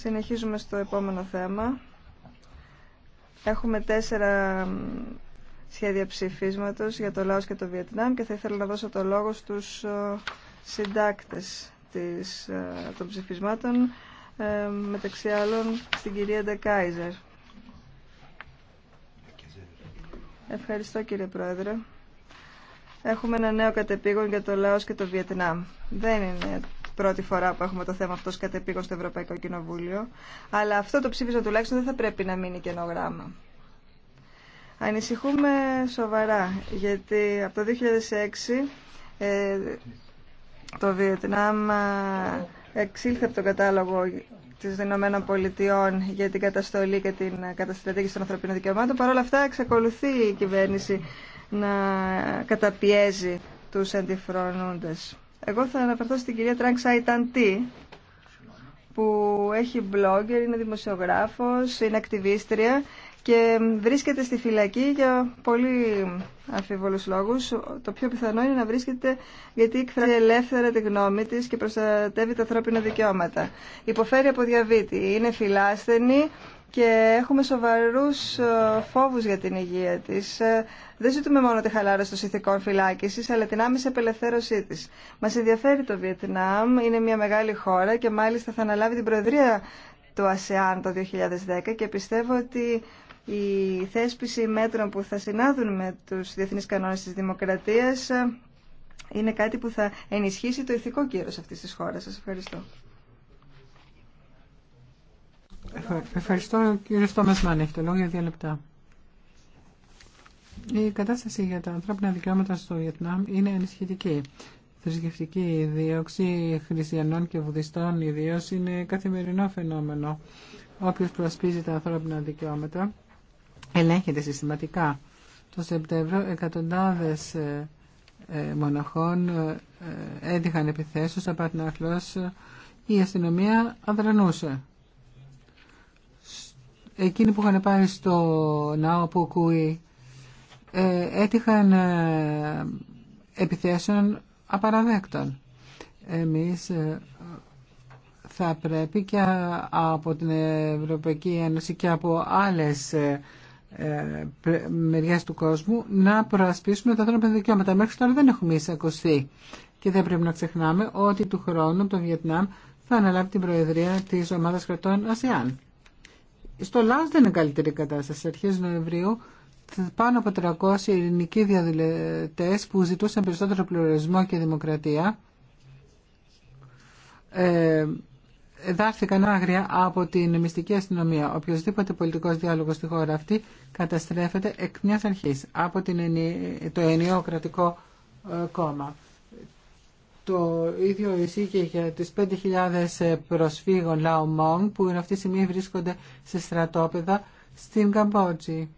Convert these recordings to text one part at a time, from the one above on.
Συνεχίζουμε στο επόμενο θέμα. Έχουμε τέσσερα σχέδια ψηφίσματος για το Λάος και το Βιετνάμ και θα ήθελα να δώσω το λόγο στους ε, συντάκτες της, ε, των ψηφισμάτων, ε, μεταξύ άλλων στην κυρία Ντεκάιζερ. Ευχαριστώ κύριε Πρόεδρε. Έχουμε ένα νέο κατεπήγον για το Λάος και το Βιετνάμ. Δεν είναι πρώτη φορά που έχουμε το θέμα αυτό κατεπήγον στο Ευρωπαϊκό Κοινοβούλιο, αλλά αυτό το ψήφισμα τουλάχιστον δεν θα πρέπει να μείνει κενό γράμμα. Ανησυχούμε σοβαρά, γιατί από το 2006 ε, το Βιετνάμ ε, εξήλθε από τον κατάλογο της Ηνωμένων Πολιτειών για την καταστολή και την καταστρατήγηση των ανθρωπίνων δικαιωμάτων. Παρ' όλα αυτά εξακολουθεί η κυβέρνηση να καταπιέζει τους αντιφρονούντες. Εγώ θα αναφερθώ στην κυρία Τρανξ τι που έχει blogger, είναι δημοσιογράφος, είναι ακτιβίστρια και βρίσκεται στη φυλακή για πολύ αμφίβολους λόγους. Το πιο πιθανό είναι να βρίσκεται γιατί εκφράζει ελεύθερα τη γνώμη της και προστατεύει τα ανθρώπινα δικαιώματα. Υποφέρει από διαβήτη, είναι φυλάσθενη και έχουμε σοβαρούς ε, φόβους για την υγεία της. Ε, δεν ζητούμε μόνο τη χαλάρωση των συνθηκών φυλάκισης, αλλά την άμεση απελευθέρωσή της. Μας ενδιαφέρει το Βιετνάμ, είναι μια μεγάλη χώρα και μάλιστα θα αναλάβει την Προεδρία του ΑΣΕΑΝ το 2010 και πιστεύω ότι η θέσπιση μέτρων που θα συνάδουν με τους διεθνείς κανόνες της δημοκρατίας ε, είναι κάτι που θα ενισχύσει το ηθικό κύρος αυτής της χώρας. Σας ευχαριστώ. Ευχαριστώ κύριε Στόμεσμαν. Έχει το λόγο για δύο λεπτά. Η κατάσταση για τα ανθρώπινα δικαιώματα στο Βιετνάμ είναι ενισχυτική. Θρησκευτική δίωξη χριστιανών και βουδιστών ιδίω είναι καθημερινό φαινόμενο. Όποιο προσπίζει τα ανθρώπινα δικαιώματα ελέγχεται συστηματικά. Το Σεπτέμβριο εκατοντάδες ε, ε, μοναχών ε, έδιχαν επιθέσεις, αρχή. η αστυνομία αδρανούσε εκείνοι που είχαν πάει στο ναό που ακούει ε, έτυχαν ε, επιθέσεων απαραδέκτων. Εμείς ε, θα πρέπει και από την Ευρωπαϊκή Ένωση και από άλλες μεριές του κόσμου να προασπίσουμε τα ανθρώπινα δικαιώματα. Μέχρι τώρα δεν έχουμε εισακωστεί. Και δεν πρέπει να ξεχνάμε ότι του χρόνου το Βιετνάμ θα αναλάβει την Προεδρία της Ομάδας Κρατών ΑΣΙΑΝ. Στο Λάζ δεν είναι καλύτερη κατάσταση. Αρχές Νοεμβρίου πάνω από 300 ελληνικοί διαδηλωτέ που ζητούσαν περισσότερο πλουραλισμό και δημοκρατία ε, δάχθηκαν άγρια από την μυστική αστυνομία. Οποιοδήποτε πολιτικός διάλογος στη χώρα αυτή καταστρέφεται εκ μιας αρχής από την, το ενιαίο κρατικό ε, κόμμα το ίδιο ισχύει για τις 5.000 ε, προσφύγων Λαομόν που αυτή τη στιγμή βρίσκονται σε στρατόπεδα στην Καμπότζη.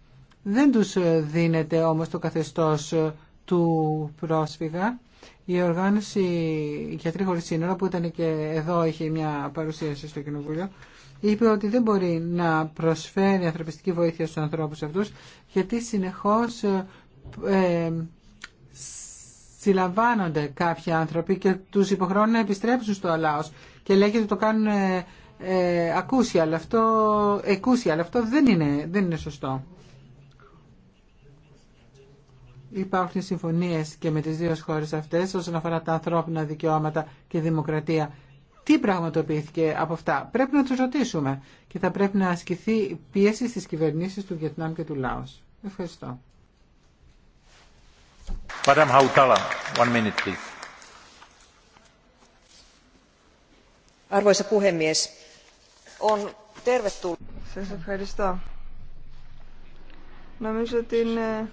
Δεν τους ε, δίνεται όμως το καθεστώς ε, του πρόσφυγα. Η οργάνωση για τρίχωρη Σύνορα που ήταν και εδώ είχε μια παρουσίαση στο Κοινοβούλιο είπε ότι δεν μπορεί να προσφέρει ανθρωπιστική βοήθεια στους ανθρώπους αυτούς γιατί συνεχώς συλλαμβάνονται κάποιοι άνθρωποι και τους υποχρεώνουν να επιστρέψουν στο λαός και λέγεται ότι το κάνουν ε, ε, ακούσια, αλλά αυτό, εκούσια, αλλά αυτό δεν είναι, δεν είναι σωστό. Υπάρχουν συμφωνίες και με τις δύο χώρες αυτές όσον αφορά τα ανθρώπινα δικαιώματα και δημοκρατία. Τι πραγματοποιήθηκε από αυτά. Πρέπει να τους ρωτήσουμε και θα πρέπει να ασκηθεί πίεση στις κυβερνήσεις του Βιετνάμ και του Λάος. Ευχαριστώ. Arvoisa puhemies, on Σας ευχαριστώ. Νομίζω ότι είναι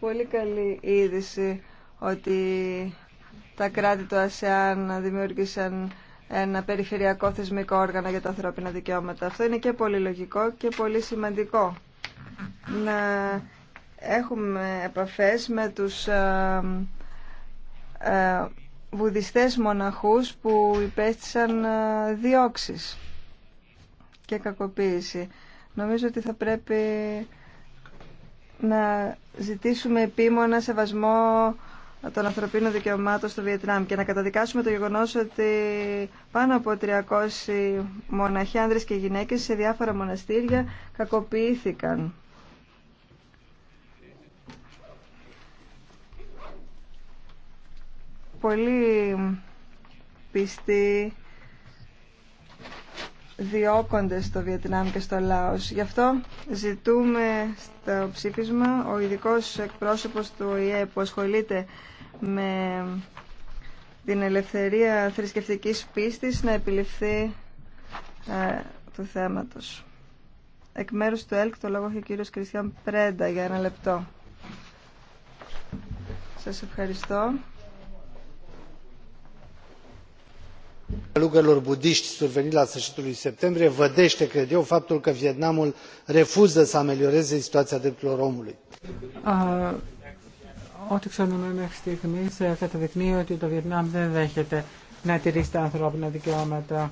πολύ καλή είδηση ότι τα κράτη του ΑΣΕΑΝ δημιούργησαν ένα περιφερειακό θεσμικό όργανο για τα ανθρώπινα δικαιώματα. Αυτό είναι και πολύ λογικό και πολύ σημαντικό. Να έχουμε επαφές με τους ε, ε, βουδιστές μοναχούς που υπέστησαν ε, διώξεις και κακοποίηση. Νομίζω ότι θα πρέπει να ζητήσουμε επίμονα σεβασμό των ανθρωπίνων δικαιωμάτων στο Βιετνάμ και να καταδικάσουμε το γεγονός ότι πάνω από 300 μοναχοί άνδρες και γυναίκες σε διάφορα μοναστήρια κακοποιήθηκαν. πολύ πιστοί διώκονται στο Βιετνάμ και στο Λάος. Γι' αυτό ζητούμε στο ψήφισμα ο ειδικό εκπρόσωπος του ΟΗΕ που ασχολείται με την ελευθερία θρησκευτικής πίστης να επιληφθεί ε, του θέματος. Εκ μέρους του ΕΛΚ το λόγο έχει ο κύριος Κριστιαν Πρέντα για ένα λεπτό. Σας ευχαριστώ. călugărilor buditi survenit la lui septembrie cred eu faptul că vietnamul refuză să drepturilor omului. Ό,τι δεν να τα δικαιώματα.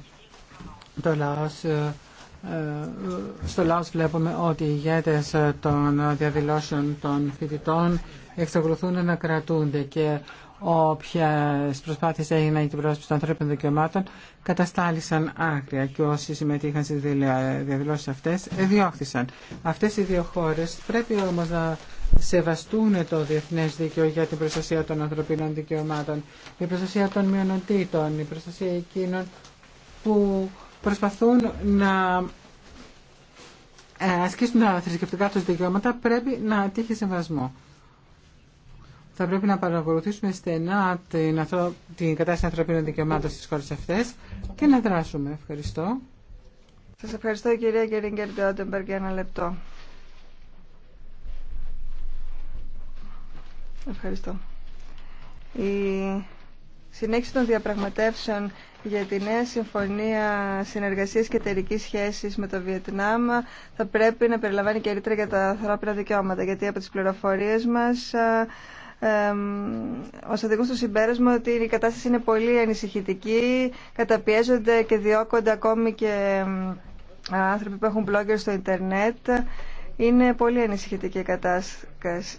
στο ότι οι των διαδηλώσεων των εξακολουθούν να κρατούνται Όποια προσπάθειε έγιναν για την πρόσπιση των ανθρώπινων δικαιωμάτων καταστάλησαν άκρια και όσοι συμμετείχαν στι διαδηλώσει αυτέ διώχθησαν. Αυτέ οι δύο χώρε πρέπει όμω να σεβαστούν το διεθνέ δίκαιο για την προστασία των ανθρωπίνων δικαιωμάτων, η προστασία των μειονοτήτων, η προστασία εκείνων που προσπαθούν να ε, ασκήσουν τα θρησκευτικά του δικαιώματα πρέπει να τύχει σεβασμό. Θα πρέπει να παρακολουθήσουμε στενά την, κατάσταση ανθρωπίνων δικαιωμάτων στις χώρες αυτές και να δράσουμε. Ευχαριστώ. Σας ευχαριστώ κυρία Γκέριγκερ Ντεόντεμπερ για ένα λεπτό. Ευχαριστώ. Η συνέχιση των διαπραγματεύσεων για τη νέα συμφωνία συνεργασίας και εταιρική σχέσης με το Βιετνάμ θα πρέπει να περιλαμβάνει και για τα ανθρώπινα δικαιώματα, γιατί από τις πληροφορίες μας μας οδηγούν στο συμπέρασμα ότι η κατάσταση είναι πολύ ανησυχητική, καταπιέζονται και διώκονται ακόμη και άνθρωποι που έχουν blogger στο ίντερνετ. Είναι πολύ ανησυχητική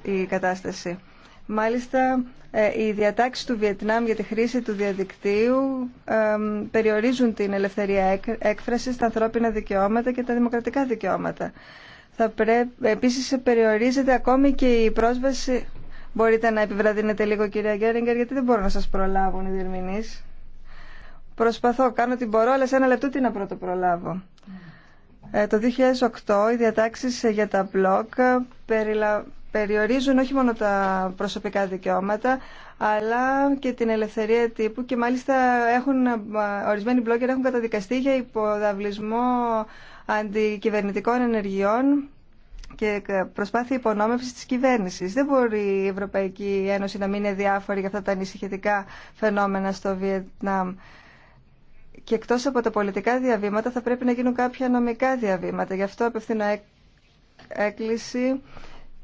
η κατάσταση. Μάλιστα, ε, οι διατάξεις του Βιετνάμ για τη χρήση του διαδικτύου περιορίζουν την ελευθερία έκφρασης, τα ανθρώπινα δικαιώματα και τα δημοκρατικά δικαιώματα. Θα επίσης, περιορίζεται ακόμη και η πρόσβαση Μπορείτε να επιβραδύνετε λίγο κυρία Γκέριγκερ γιατί δεν μπορώ να σας προλάβουν οι διερμηνείς. Προσπαθώ, κάνω την μπορώ, αλλά σε ένα λεπτό τι να πρώτο προλάβω. Ε, το 2008 οι διατάξεις για τα μπλοκ ε, περιλα... περιορίζουν όχι μόνο τα προσωπικά δικαιώματα, αλλά και την ελευθερία τύπου και μάλιστα έχουν, ε, ορισμένοι μπλόγκερ έχουν καταδικαστεί για υποδαβλισμό αντικυβερνητικών ενεργειών και προσπάθεια υπονόμευση τη κυβέρνηση. Δεν μπορεί η Ευρωπαϊκή Ένωση να μην είναι διάφορη για αυτά τα ανησυχητικά φαινόμενα στο Βιετνάμ. Και εκτό από τα πολιτικά διαβήματα θα πρέπει να γίνουν κάποια νομικά διαβήματα. Γι' αυτό απευθύνω έκκληση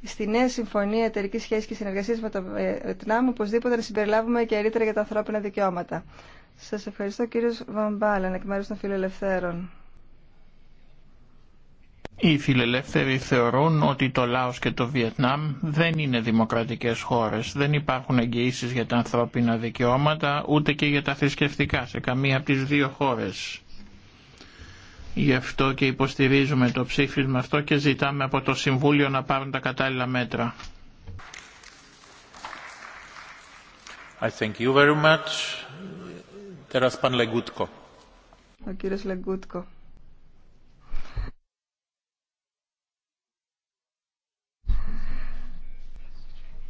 στη νέα συμφωνία εταιρική σχέση και συνεργασία με το Βιετνάμ, οπωσδήποτε να συμπεριλάβουμε και ερήτερα για τα ανθρώπινα δικαιώματα. Σα ευχαριστώ, κύριο Βαμπάλεν, εκ μέρου των Φιλελευθέρων. Οι φιλελεύθεροι θεωρούν ότι το Λάος και το Βιετνάμ δεν είναι δημοκρατικές χώρες. Δεν υπάρχουν εγγυήσεις για τα ανθρώπινα δικαιώματα, ούτε και για τα θρησκευτικά σε καμία από τις δύο χώρες. Γι' αυτό και υποστηρίζουμε το ψήφισμα αυτό και ζητάμε από το Συμβούλιο να πάρουν τα κατάλληλα μέτρα. I thank you very much.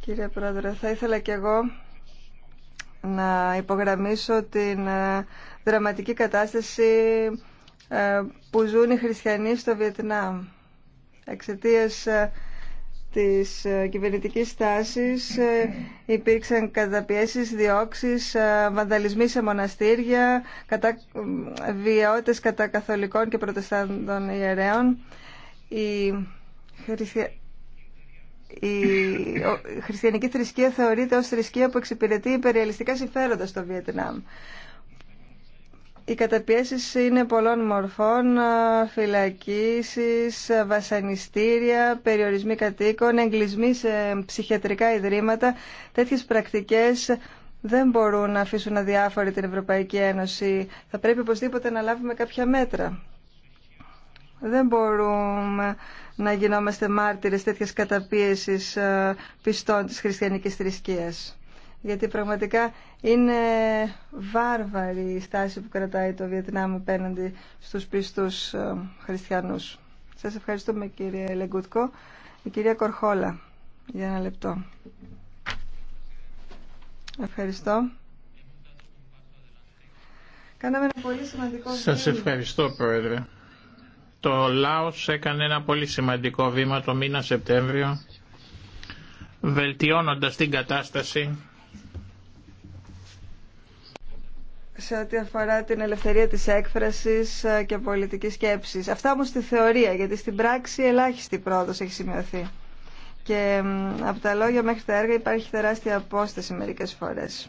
Κύριε Πρόεδρε, θα ήθελα και εγώ να υπογραμμίσω την ε, δραματική κατάσταση ε, που ζουν οι χριστιανοί στο Βιετνάμ. Εξαιτίας ε, της κυβερνητικής τάση. υπήρξαν καταπιέσεις, διώξεις, βανδαλισμοί σε μοναστήρια, κατά, κατά καθολικών και προτεστάντων ιερέων. Οι η χριστιανική θρησκεία θεωρείται ως θρησκεία που εξυπηρετεί υπεριαλιστικά συμφέροντα στο Βιετνάμ. Οι καταπιέσεις είναι πολλών μορφών, φυλακίσεις, βασανιστήρια, περιορισμοί κατοίκων, εγκλισμοί σε ψυχιατρικά ιδρύματα. Τέτοιες πρακτικές δεν μπορούν να αφήσουν αδιάφορη την Ευρωπαϊκή Ένωση. Θα πρέπει οπωσδήποτε να λάβουμε κάποια μέτρα. Δεν μπορούμε να γινόμαστε μάρτυρες τέτοιας καταπίεσης ε, πιστών της χριστιανικής θρησκείας. Γιατί πραγματικά είναι βάρβαρη η στάση που κρατάει το Βιετνάμ απέναντι στους πιστούς ε, χριστιανούς. Σας ευχαριστούμε κύριε Λεγκούτκο. Η κυρία Κορχόλα, για ένα λεπτό. Ευχαριστώ. Κάναμε ένα πολύ σημαντικό... Σας ευχαριστώ, Πρόεδρε. Το Λάος έκανε ένα πολύ σημαντικό βήμα το μήνα Σεπτέμβριο, βελτιώνοντας την κατάσταση. Σε ό,τι αφορά την ελευθερία της έκφρασης ε, και πολιτικής σκέψης. Αυτά όμως στη θεωρία, γιατί στην πράξη ελάχιστη πρόοδος έχει σημειωθεί. Και από τα λόγια μέχρι τα έργα υπάρχει τεράστια απόσταση μερικές φορές.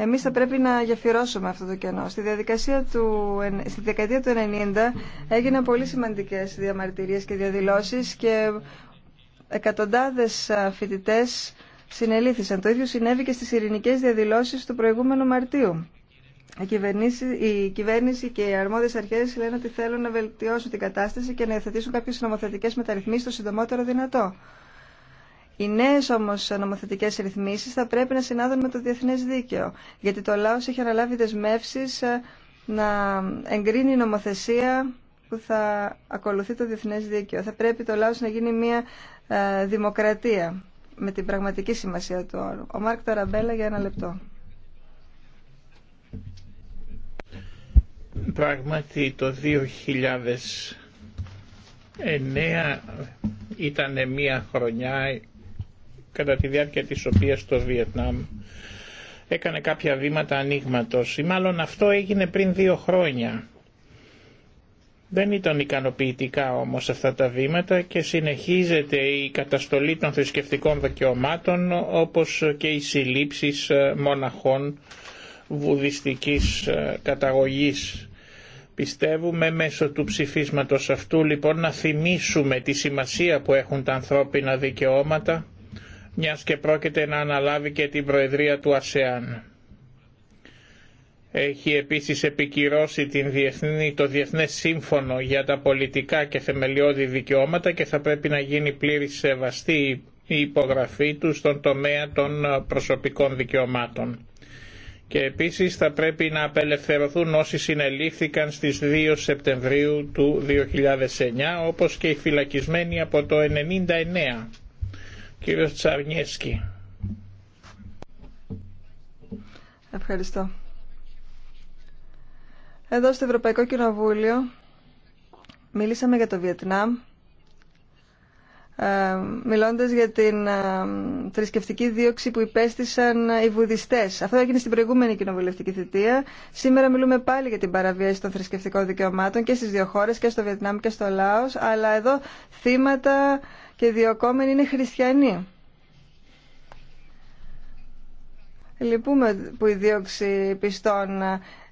Εμείς θα πρέπει να γεφυρώσουμε αυτό το κενό. Στη, διαδικασία του, στη δεκαετία του 90 έγιναν πολύ σημαντικές διαμαρτυρίες και διαδηλώσεις και εκατοντάδες φοιτητέ συνελήθησαν. Το ίδιο συνέβη και στις ειρηνικές διαδηλώσεις του προηγούμενου Μαρτίου. Η κυβέρνηση, και οι αρμόδιες αρχές λένε ότι θέλουν να βελτιώσουν την κατάσταση και να υιοθετήσουν κάποιες νομοθετικές μεταρρυθμίσεις το συντομότερο δυνατό. Οι νέε όμω νομοθετικέ ρυθμίσει θα πρέπει να συνάδουν με το διεθνέ δίκαιο, γιατί το Λάο έχει αναλάβει δεσμεύσει ε, να εγκρίνει νομοθεσία που θα ακολουθεί το διεθνέ δίκαιο. Θα πρέπει το Λάο να γίνει μια ε, δημοκρατία με την πραγματική σημασία του όρου. Ο Μάρκ Ταραμπέλα για ένα λεπτό. Πράγματι το 2009 ήταν μια χρονιά κατά τη διάρκεια της οποίας το Βιετνάμ έκανε κάποια βήματα ανοίγματο. ή μάλλον αυτό έγινε πριν δύο χρόνια. Δεν ήταν ικανοποιητικά όμως αυτά τα βήματα και συνεχίζεται η καταστολή των θρησκευτικών δικαιωμάτων όπως και οι συλλήψεις ε, μοναχών βουδιστικής ε, καταγωγής. Πιστεύουμε μέσω του ψηφίσματος αυτού λοιπόν να θυμίσουμε τη σημασία που έχουν τα ανθρώπινα δικαιώματα μιας και πρόκειται να αναλάβει και την Προεδρία του ΑΣΕΑΝ. Έχει επίσης επικυρώσει την διεθνή, το Διεθνές Σύμφωνο για τα πολιτικά και θεμελιώδη δικαιώματα και θα πρέπει να γίνει πλήρης σεβαστή η υπογραφή του στον τομέα των προσωπικών δικαιωμάτων. Και επίσης θα πρέπει να απελευθερωθούν όσοι συνελήφθηκαν στις 2 Σεπτεμβρίου του 2009, όπως και οι φυλακισμένοι από το 1999. Τσαρνιέσκι. Ευχαριστώ. Εδώ στο Ευρωπαϊκό Κοινοβούλιο μίλησαμε για το Βιετνάμ ε, μιλώντας για την ε, θρησκευτική δίωξη που υπέστησαν ε, οι βουδιστές. Αυτό έγινε στην προηγούμενη κοινοβουλευτική θητεία. Σήμερα μιλούμε πάλι για την παραβίαση των θρησκευτικών δικαιωμάτων και στις δύο χώρες, και στο Βιετνάμ και στο Λάος, αλλά εδώ θύματα και διωκόμενοι είναι χριστιανοί. Λυπούμε που η δίωξη πιστών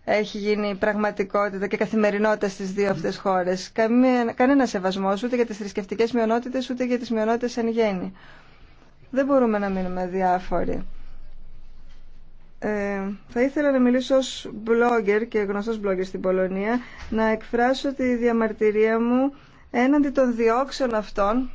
έχει γίνει πραγματικότητα και καθημερινότητα στις δύο αυτές χώρες. Καμία, κανένα σεβασμός ούτε για τις θρησκευτικές μειονότητες ούτε για τις μειονότητες εν γέννη. Δεν μπορούμε να μείνουμε διάφοροι. Ε, θα ήθελα να μιλήσω ως blogger και γνωστός blogger στην Πολωνία να εκφράσω τη διαμαρτυρία μου έναντι των διώξεων αυτών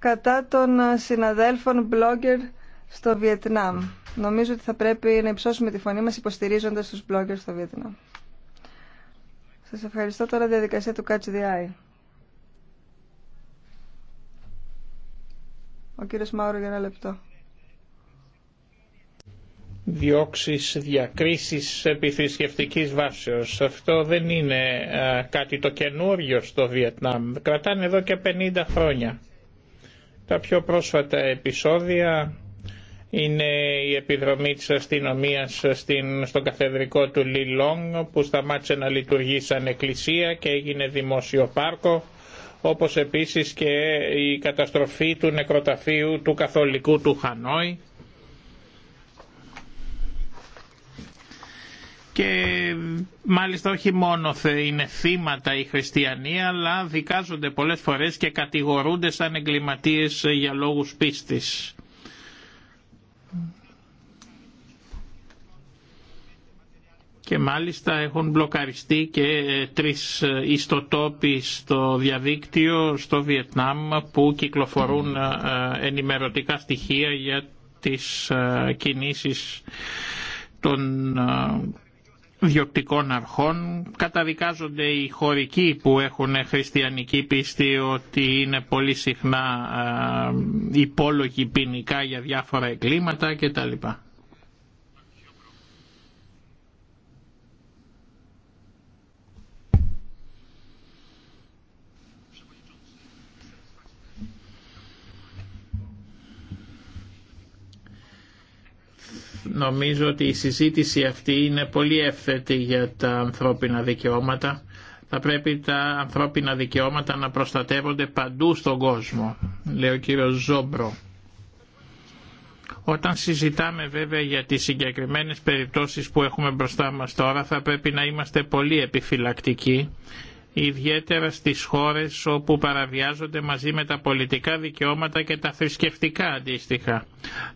κατά των συναδέλφων blogger στο Βιετνάμ. Νομίζω ότι θα πρέπει να υψώσουμε τη φωνή μας υποστηρίζοντας τους μπλόγκερ στο Βιετνάμ. Σας ευχαριστώ τώρα διαδικασία του Catch the Eye. Ο κύριος Μάουρο για ένα λεπτό. Διώξεις, διακρίσεις επιθρησκευτικής βάσεως. Αυτό δεν είναι κάτι το καινούριο στο Βιετνάμ. Κρατάνε εδώ και 50 χρόνια. Τα πιο πρόσφατα επεισόδια είναι η επιδρομή της αστυνομίας στην, στον καθεδρικό του Λόγκ που σταμάτησε να λειτουργεί σαν εκκλησία και έγινε δημόσιο πάρκο όπως επίσης και η καταστροφή του νεκροταφείου του καθολικού του Χανόη και μάλιστα όχι μόνο είναι θύματα οι χριστιανοί αλλά δικάζονται πολλές φορές και κατηγορούνται σαν εγκληματίες για λόγους πίστης. και μάλιστα έχουν μπλοκαριστεί και ε, τρεις ε, ιστοτόποι στο διαδίκτυο στο Βιετνάμ που κυκλοφορούν ε, ενημερωτικά στοιχεία για τις κινήσεις των διοκτικών αρχών. Καταδικάζονται οι χωρικοί που έχουν χριστιανική πίστη ότι είναι πολύ συχνά ε, υπόλογοι ποινικά για διάφορα εγκλήματα κτλ. Νομίζω ότι η συζήτηση αυτή είναι πολύ εύθετη για τα ανθρώπινα δικαιώματα. Θα πρέπει τα ανθρώπινα δικαιώματα να προστατεύονται παντού στον κόσμο, λέει ο κύριος Ζόμπρο. Όταν συζητάμε βέβαια για τις συγκεκριμένες περιπτώσεις που έχουμε μπροστά μας τώρα θα πρέπει να είμαστε πολύ επιφυλακτικοί ιδιαίτερα στις χώρες όπου παραβιάζονται μαζί με τα πολιτικά δικαιώματα και τα θρησκευτικά αντίστοιχα.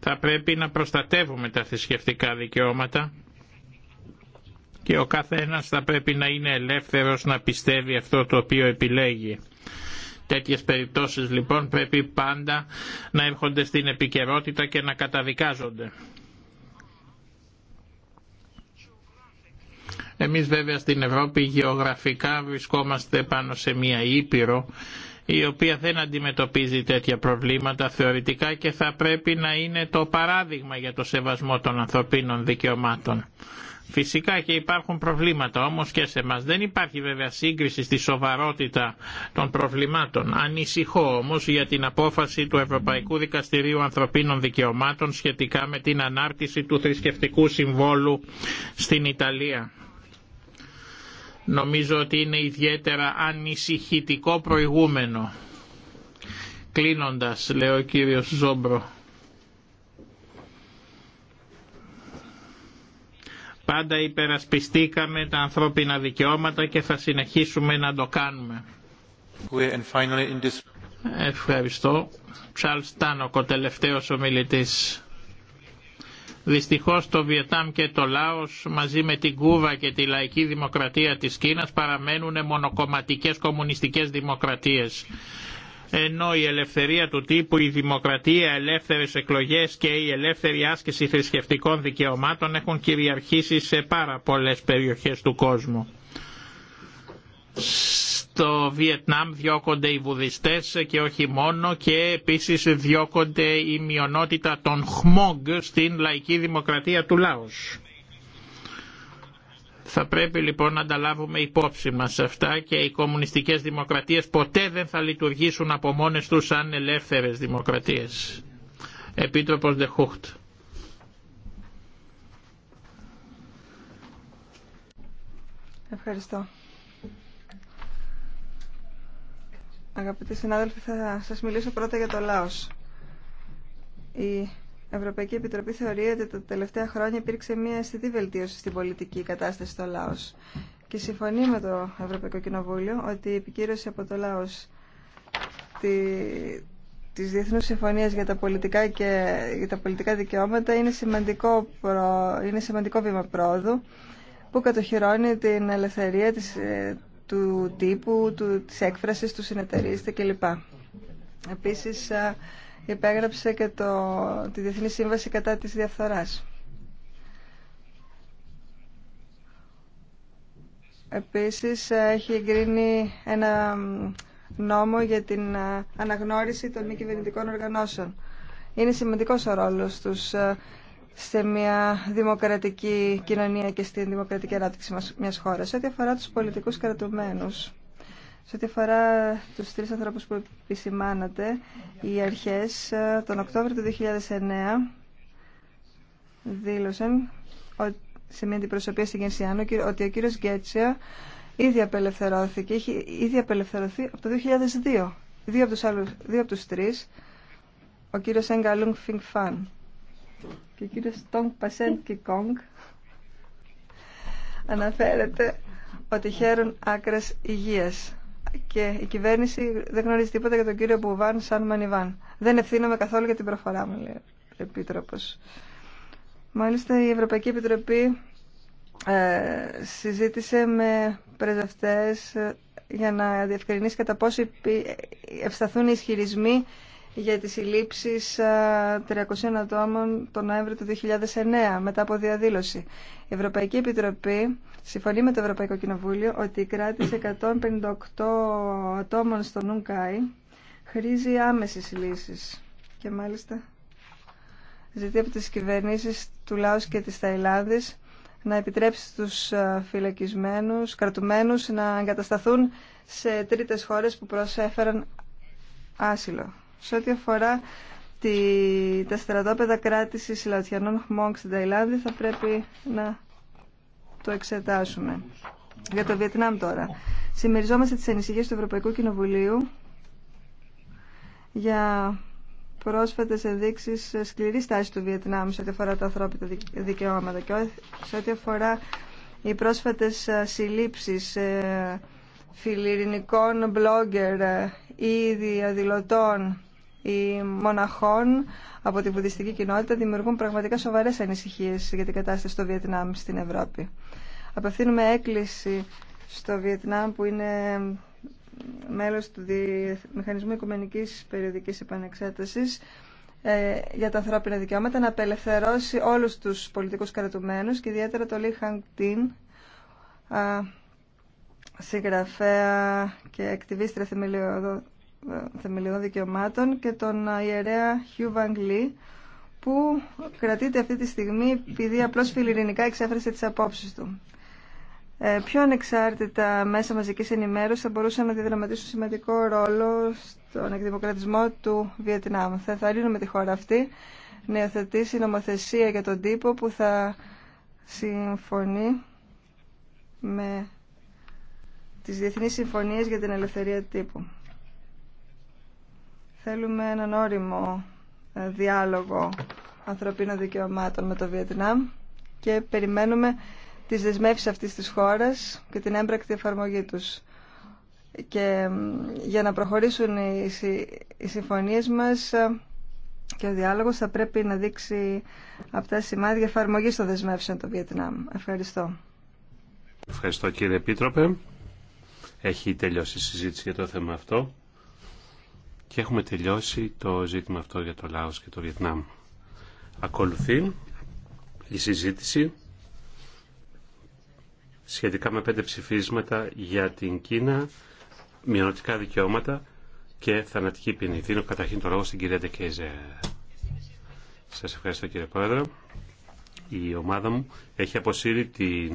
Θα πρέπει να προστατεύουμε τα θρησκευτικά δικαιώματα και ο καθένας θα πρέπει να είναι ελεύθερος να πιστεύει αυτό το οποίο επιλέγει. Τέτοιες περιπτώσεις λοιπόν πρέπει πάντα να έρχονται στην επικαιρότητα και να καταδικάζονται. Εμείς βέβαια στην Ευρώπη γεωγραφικά βρισκόμαστε πάνω σε μια ήπειρο η οποία δεν αντιμετωπίζει τέτοια προβλήματα θεωρητικά και θα πρέπει να είναι το παράδειγμα για το σεβασμό των ανθρωπίνων δικαιωμάτων. Φυσικά και υπάρχουν προβλήματα όμως και σε μας. Δεν υπάρχει βέβαια σύγκριση στη σοβαρότητα των προβλημάτων. Ανησυχώ όμως για την απόφαση του Ευρωπαϊκού Δικαστηρίου Ανθρωπίνων Δικαιωμάτων σχετικά με την ανάρτηση του θρησκευτικού συμβόλου στην Ιταλία. Νομίζω ότι είναι ιδιαίτερα ανησυχητικό προηγούμενο. Κλείνοντας, λέει ο κύριος Ζόμπρο. Πάντα υπερασπιστήκαμε τα ανθρώπινα δικαιώματα και θα συνεχίσουμε να το κάνουμε. Ευχαριστώ. Charles Τάνοκ, ο τελευταίος ομιλητής. Δυστυχώς το Βιετνάμ και το Λάος μαζί με την Κούβα και τη λαϊκή δημοκρατία της Κίνας παραμένουν μονοκομματικές κομμουνιστικές δημοκρατίες. Ενώ η ελευθερία του τύπου, η δημοκρατία, ελεύθερες εκλογές και η ελεύθερη άσκηση θρησκευτικών δικαιωμάτων έχουν κυριαρχήσει σε πάρα πολλές περιοχές του κόσμου στο Βιετνάμ διώκονται οι Βουδιστές και όχι μόνο και επίσης διώκονται η μειονότητα των χμόγ στην λαϊκή δημοκρατία του Λάος. Θα πρέπει λοιπόν να ανταλάβουμε υπόψη μας αυτά και οι κομμουνιστικές δημοκρατίες ποτέ δεν θα λειτουργήσουν από μόνες τους σαν ελεύθερες δημοκρατίες. Επίτροπος Δεχούχτ. Ευχαριστώ. Αγαπητοί συνάδελφοι, θα σας μιλήσω πρώτα για το Λάος. Η Ευρωπαϊκή Επιτροπή θεωρεί ότι τα τελευταία χρόνια υπήρξε μια αισθητή βελτίωση στην πολιτική κατάσταση στο Λάος και συμφωνεί με το Ευρωπαϊκό Κοινοβούλιο ότι η επικύρωση από το Λάος τη, της Διεθνούς Συμφωνίας για τα πολιτικά, και, για τα πολιτικά δικαιώματα είναι σημαντικό, βήμα πρόοδου που κατοχυρώνει την ελευθερία της, του τύπου, του, της έκφρασης, του συνεταιρίστε κλπ. Επίσης υπέγραψε και το, τη Διεθνή Σύμβαση κατά της διαφθοράς. Επίσης έχει εγκρίνει ένα νόμο για την αναγνώριση των μη κυβερνητικών οργανώσεων. Είναι σημαντικός ο ρόλος τους σε μια δημοκρατική κοινωνία και στην δημοκρατική ανάπτυξη μιας χώρας. Σε ό,τι αφορά τους πολιτικούς κρατουμένους, σε ό,τι αφορά τους τρεις ανθρώπους που επισημάνατε, οι αρχές ε, τον Οκτώβριο του 2009 δήλωσαν σε μια αντιπροσωπεία στην Κενσιάνο ότι ο κύριος Γκέτσια ήδη απελευθερώθηκε, ήδη απελευθερωθεί από το 2002. Δύο από τους, άλλους, από τους τρεις, ο κύριος Εγκαλούγκ Φινγκφάν και ο κύριος Τόγκ Πασέντ και Κόγκ αναφέρεται ότι χαίρουν άκρας υγείας και η κυβέρνηση δεν γνωρίζει τίποτα για τον κύριο Μπουβάν Σαν Μανιβάν. Δεν ευθύνομαι καθόλου για την προφορά μου, λέει ο Επίτροπος. Μάλιστα η Ευρωπαϊκή Επιτροπή ε, συζήτησε με πρεσβευτές ε, για να διευκρινίσει κατά πόσο ευσταθούν οι ισχυρισμοί για τις συλλήψεις 300 ατόμων τον Νοέμβριο του 2009 μετά από διαδήλωση. Η Ευρωπαϊκή Επιτροπή συμφωνεί με το Ευρωπαϊκό Κοινοβούλιο ότι η κράτηση 158 ατόμων στο Νούνκαϊ χρήζει άμεσης λύσης και μάλιστα ζητεί από τις κυβερνήσεις του Λάους και της Ταϊλάνδης να επιτρέψει τους φυλακισμένους, κρατουμένους να εγκατασταθούν σε τρίτες χώρες που προσέφεραν άσυλο σε ό,τι αφορά τη, τα στρατόπεδα κράτησης λατιανών χμόγκ στην Ταϊλάνδη θα πρέπει να το εξετάσουμε. Για το Βιετνάμ τώρα. Συμμεριζόμαστε τις ανησυχίες του Ευρωπαϊκού Κοινοβουλίου για πρόσφατε ενδείξεις σκληρής τάσης του Βιετνάμ σε ό,τι αφορά τα ανθρώπινα δικαιώματα και σε ό,τι αφορά οι πρόσφατε ε, συλλήψεις ε, φιλιρινικών blogger ε, ή διαδηλωτών οι μοναχών από τη βουδιστική κοινότητα δημιουργούν πραγματικά σοβαρές ανησυχίες για την κατάσταση στο Βιετνάμ στην Ευρώπη. Απευθύνουμε έκκληση στο Βιετνάμ που είναι μέλος του Μηχανισμού Οικουμενικής Περιοδικής Επανεξέτασης ε, για τα ανθρώπινα δικαιώματα να απελευθερώσει όλους τους πολιτικούς κρατουμένους και ιδιαίτερα το Λί Τίν, συγγραφέα και εκτιβίστρια θεμελιωδών Θεμελιών Δικαιωμάτων και τον ιερέα Χιου Βαγγλή που κρατείται αυτή τη στιγμή επειδή απλώς φιλιρινικά εξέφρασε τις απόψεις του. Ε, πιο ανεξάρτητα μέσα μαζικής ενημέρωσης θα μπορούσαν να διδραματίσουν σημαντικό ρόλο στον εκδημοκρατισμό του Βιετνάμ. Θα ενθαρρύνουμε τη χώρα αυτή να υιοθετήσει νομοθεσία για τον τύπο που θα συμφωνεί με τις διεθνείς συμφωνίες για την ελευθερία τύπου. Θέλουμε έναν όριμο ε, διάλογο ανθρωπίνων δικαιωμάτων με το Βιετνάμ και περιμένουμε τις δεσμεύσεις αυτής της χώρας και την έμπρακτη εφαρμογή τους. Και για να προχωρήσουν οι συμφωνίες μας ε, και ο διάλογος θα πρέπει να δείξει αυτά σημάδια εφαρμογή των δεσμεύσεων του Βιετνάμ. Ευχαριστώ. Ευχαριστώ κύριε Επίτροπε. Έχει τελειώσει η συζήτηση για το θέμα αυτό και έχουμε τελειώσει το ζήτημα αυτό για το Λάος και το Βιετνάμ. Ακολουθεί η συζήτηση σχετικά με πέντε ψηφίσματα για την Κίνα, μειωνοτικά δικαιώματα και θανατική ποινή. Δίνω καταρχήν το λόγο στην κυρία Ντεκέζε. Σας ευχαριστώ κύριε Πρόεδρε. Η ομάδα μου έχει αποσύρει την